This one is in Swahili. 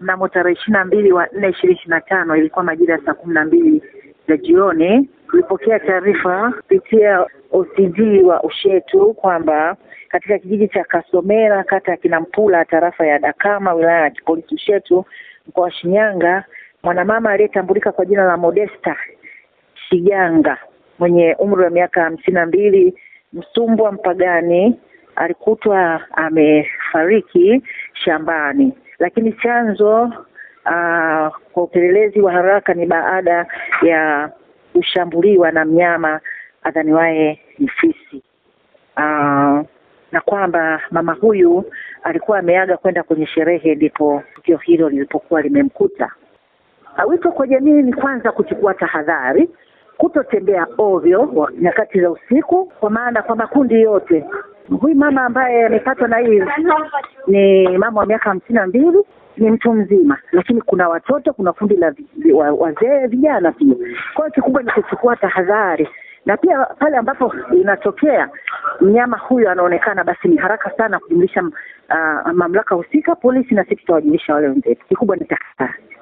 mnamo tarehe ishirini na mbili wa nne ishirini na tano ilikuwa majira ya saa kumi na mbili za jioni tulipokea taarifa kupitia OCD wa Ushetu kwamba katika kijiji cha Kasomera kata ya Kinampula tarafa ya Dakama wilaya ya Kipolisi Ushetu mkoa wa Shinyanga, mwanamama aliyetambulika kwa jina la Modesta Shiganga mwenye umri wa miaka hamsini na mbili, msumbwa mpagani, alikutwa amefariki shambani lakini chanzo uh, kwa upelelezi wa haraka ni baada ya kushambuliwa na mnyama adhaniwaye ni fisi uh, na kwamba mama huyu alikuwa ameaga kwenda kwenye sherehe, ndipo tukio hilo lilipokuwa limemkuta. Ah, wito kwa jamii ni kwanza kuchukua tahadhari, kutotembea ovyo nyakati za usiku, kwa maana kwa makundi yote Huyu mama ambaye amepatwa na hii ni mama wa miaka hamsini na mbili, ni mtu mzima, lakini kuna watoto, kuna kundi la wazee, vijana pia. kwao kikubwa ni kuchukua tahadhari, na pia pale ambapo inatokea mnyama huyo anaonekana, basi ni haraka sana kujumlisha uh, mamlaka husika, polisi, na sisi tutawajulisha wale wenzetu. Kikubwa ni tahadhari.